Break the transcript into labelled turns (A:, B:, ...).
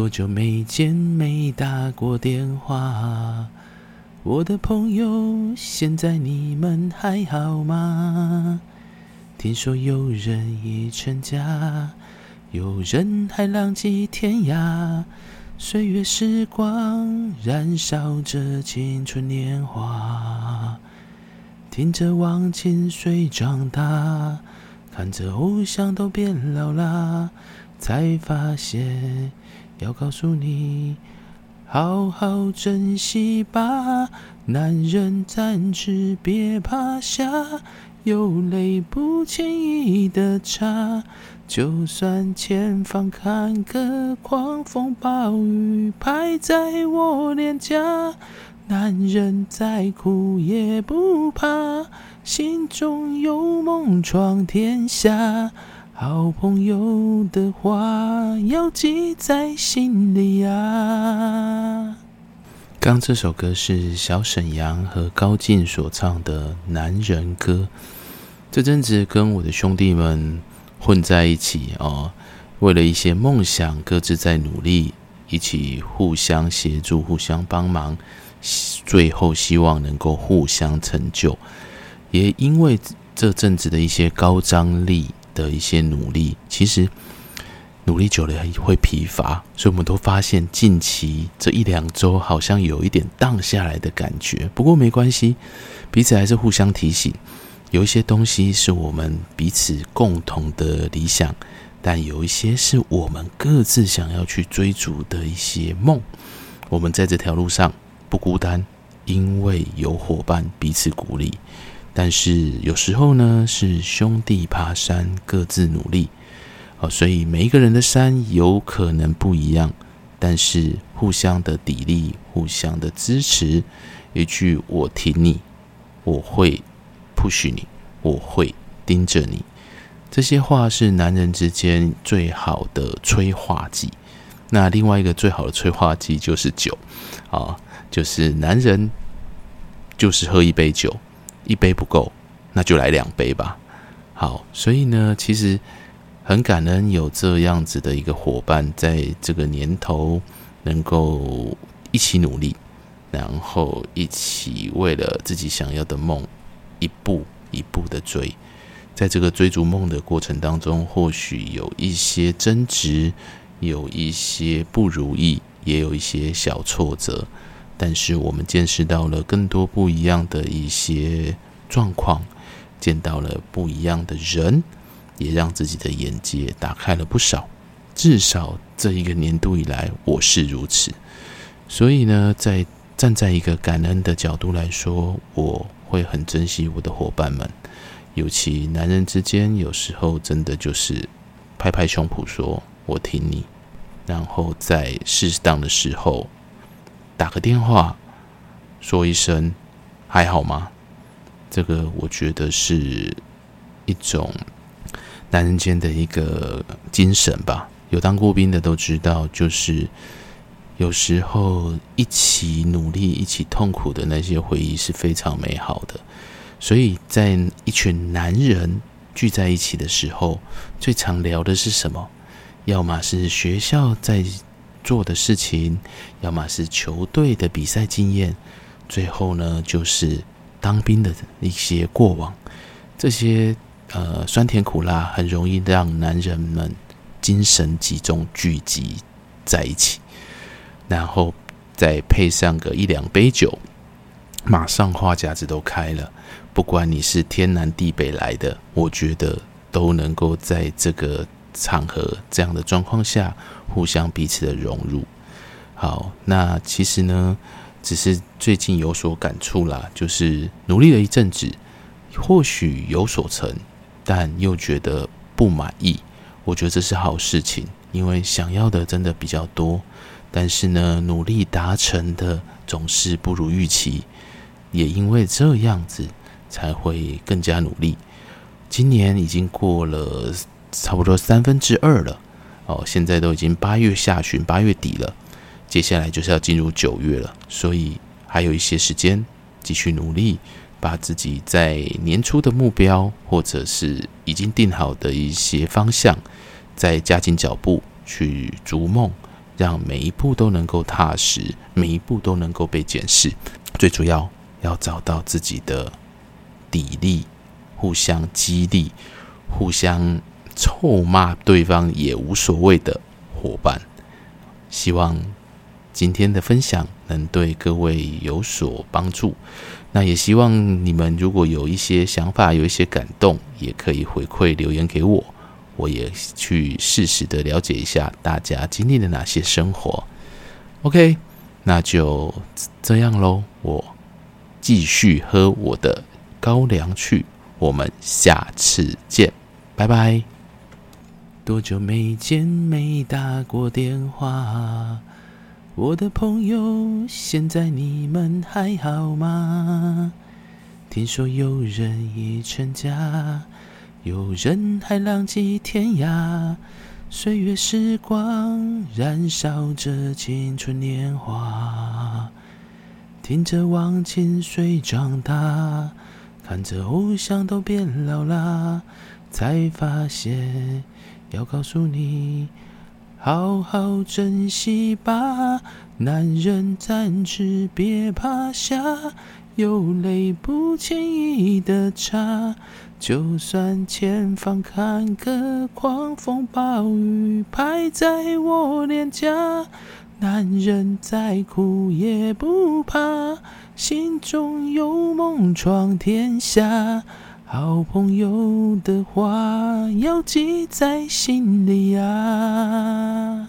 A: 多久沒見，沒打過電話。我的朋友，現在你們還好嗎？聽說有人已成家，有人還浪跡天涯。歲月時光燃燒着青春年華，聽着《忘情水》長大，看着偶像都變老了，才發現。要告訴你，好好珍惜吧。男人暫時別趴下，有淚不輕易的擦。就算前方坎坷，狂風暴雨拍在我臉頰，男人再苦也不怕，心中有夢闖天下。好朋友的話要記在心裡呀。啊，
B: 剛這首歌是小沈陽和高進所唱的《男人歌》。這陣子跟我的兄弟們混在一起哦，為了一些夢想各自在努力，一起互相協助、互相幫忙，最後希望能夠互相成就。也因為這陣子的一些高張力。的一些努力，其實努力久了也會疲乏，所以我們都發現近期這一兩周好像有一點蕩下來的感覺。不過沒關係，彼此還是互相提醒，有一些東西是我們彼此共同的理想，但有一些是我們各自想要去追逐的一些夢。我們在這條路上不孤單，因為有伙伴彼此鼓勵。但是有時候呢，是兄弟爬山各自努力，啊、哦，所以每一個人的山有可能不一樣，但是互相的砥礪，互相的支持，一句“我挺你”，我會 push 你，我會盯着你，這些話是男人之間最好的催化劑。那另外一個最好的催化劑就是酒，啊、哦，就是男人就是喝一杯酒。一杯不夠，那就來兩杯吧。好，所以呢，其實很感恩有這樣子的一個夥伴，在這個年頭能夠一起努力，然後一起為了自己想要的夢一步一步的追。在這個追逐夢的過程當中，或許有一些爭執，有一些不如意，也有一些小挫折。但是我們見識到了更多不一樣的一些狀況，見到了不一樣的人，也讓自己的眼界打開了不少。至少這一個年度以來，我是如此。所以呢，在站在一個感恩的角度來說，我會很珍惜我的夥伴們。尤其男人之間，有時候真的就是拍拍胸脯說“我挺你”，然後在適當的時候。打個電話，說一聲“還好嗎？”這個我覺得是一種男人間的一個精神吧。有當過兵的都知道，就是有時候一起努力、一起痛苦的那些回憶是非常美好的。所以在一群男人聚在一起的時候，最常聊的是什麼？要麼是學校在。做的事情，要麼是球隊的比賽經驗，最後呢就是當兵的一些過往，這些呃酸甜苦辣很容易讓男人們精神集中聚集在一起，然後再配上個一兩杯酒，馬上話匣子都開了。不管你是天南地北來的，我覺得都能夠在這個。場合這樣的狀況下，互相彼此的融入。好，那其實呢，只是最近有所感觸啦，就是努力了一陣子，或許有所成，但又覺得不滿意。我覺得這是好事情，因為想要的真的比較多，但是呢，努力達成的總是不如預期，也因為這樣子才會更加努力。今年已經過了。差不多三分之二了哦，現在都已經八月下旬、八月底了，接下來就是要進入九月了，所以還有一些時間，繼續努力，把自己在年初的目標，或者是已經定好的一些方向，再加緊腳步去逐夢，讓每一步都能夠踏實，每一步都能夠被檢視。最主要要找到自己的底力，互相激勵，互相。臭罵對方也無所謂的夥伴，希望今天的分享能對各位有所幫助。那也希望你們如果有一些想法、有一些感動，也可以回饋留言給我，我也去適時的了解一下大家經歷了哪些生活。OK，那就這樣嘍，我繼續喝我的高粱去，我們下次見，
A: 拜拜。多久沒見，沒打過電話。我的朋友，現在你們還好嗎？聽說有人已成家，有人還浪跡天涯。歲月時光燃燒着青春年華，聽着《忘情水》長大，看着偶像都變老了，才發現。要告訴你，好好珍惜吧。男人暫時別趴下，有淚不輕易的擦。就算前方坎坷，狂風暴雨拍在我臉頰，男人再苦也不怕，心中有夢闖天下。好朋友的話要記在心裡呀。